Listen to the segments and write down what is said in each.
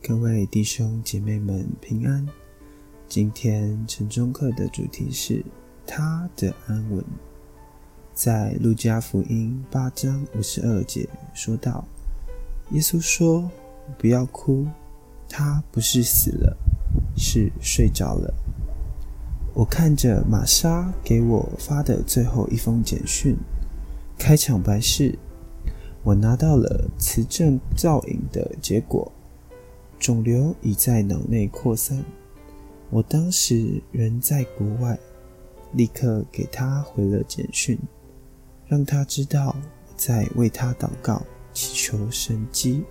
各位弟兄姐妹們平安。今天晨鐘課的主題是祂的安穩，在路加福音八章五十二節說道：“耶穌說，不要哭，他不是死了，是睡着了。”我看着瑪莎給我發的最後一封簡訊，開場白是：“我拿到了磁振造影的結果。”腫瘤已在腦內擴散。我當時人在國外，立刻給他回了簡訊，讓他知道我在為他禱告，祈求神蹟，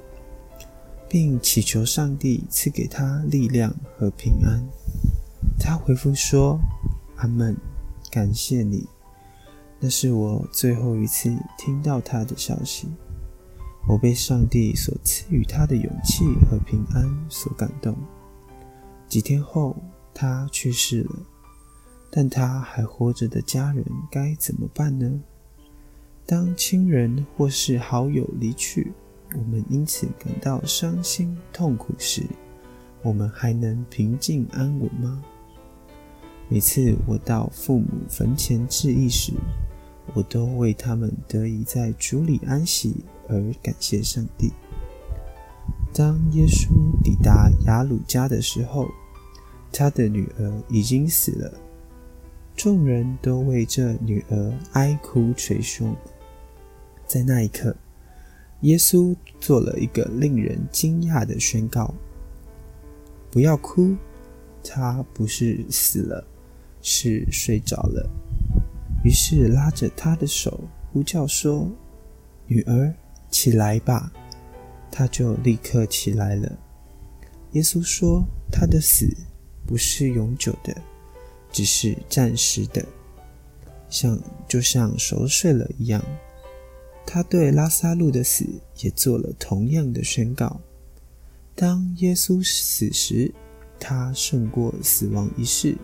並祈求上帝賜給他力量和平安。他回復說：“阿門，感謝你。”那是我最後一次聽到他的消息。我被上帝所賜予他的勇氣和平安所感動。幾天後，他去世了。但他還活着的家人該怎麼辦呢？當親人或是好友離去，我們因此感到傷心痛苦時，我們還能平靜安穩嗎？每次我到父母墳前致意時，我都為他們得以在主裡安息而感謝上帝。當耶穌抵達雅魯家的時候，他的女兒已經死了，眾人都為這女兒哀哭捶胸。在那一刻，耶穌做了一個令人驚訝的宣告：“不要哭，她不是死了，是睡着了。”於是拉着他的手呼叫說：“女兒，起來吧！”他就立刻起來了。耶穌說：“他的死不是永久的，只是暫時的，像就像熟睡了一樣。”他對拉撒路的死也做了同樣的宣告：當耶穌死時，他勝過死亡一事。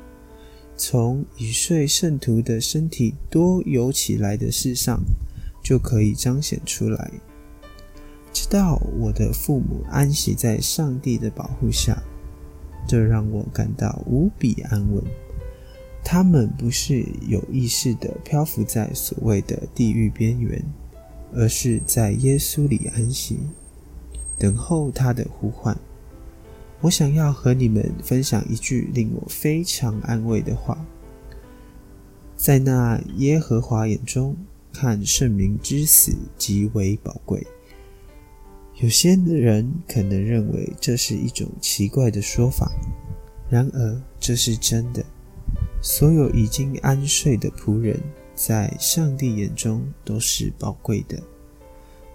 從已睡聖徒的身體多游起來的事上，就可以彰顯出來。直到我的父母安息在上帝的保護下，這讓我感到無比安穩。他們不是有意識的漂浮在所謂的地獄邊緣，而是在耶穌裡安息，等候他的呼喚。我想要和你們分享一句令我非常安慰的話：在那耶和華眼中看聖民之死極為寶貴。有些人可能認為這是一種奇怪的說法，然而這是真的。所有已經安睡的僕人，在上帝眼中都是寶貴的，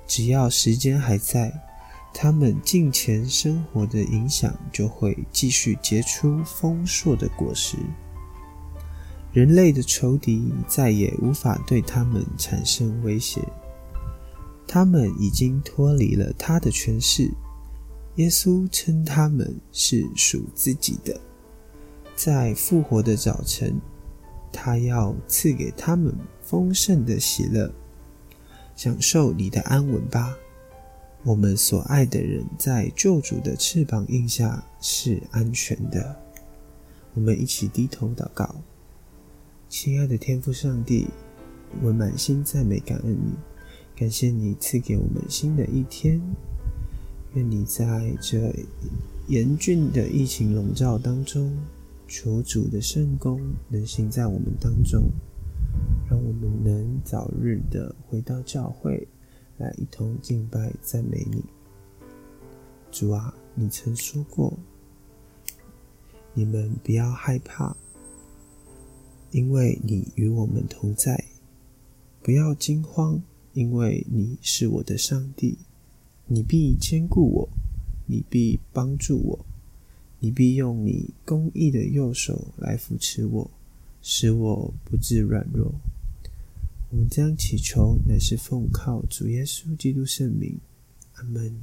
只要時間還在。他們近前生活的影響，就會繼續結出豐碩的果實。人類的仇敵再也無法對他們產生威脅，他們已經脫離了他的權勢。耶穌稱他們是屬自己的，在復活的早晨，他要賜給他們豐盛的喜樂。享受你的安穩吧。我們所愛的人在救主的翅膀蔭下是安全的。我們一起低頭禱告，親愛的天父上帝，我滿心讚美感恩你，感謝你賜給我們新的一天。願你在這嚴峻的疫情籠罩當中，求主的聖工能行在我們當中，讓我們能早日的回到教會。來，一同敬拜讚美你，主啊！你曾說過：“你們不要害怕，因為你與我們同在；不要驚慌，因為你是我的上帝。你必堅固我，你必幫助我，你必用你公義的右手來扶持我，使我不致軟弱。”我們將祈求，乃是奉靠主耶穌基督聖名，阿門。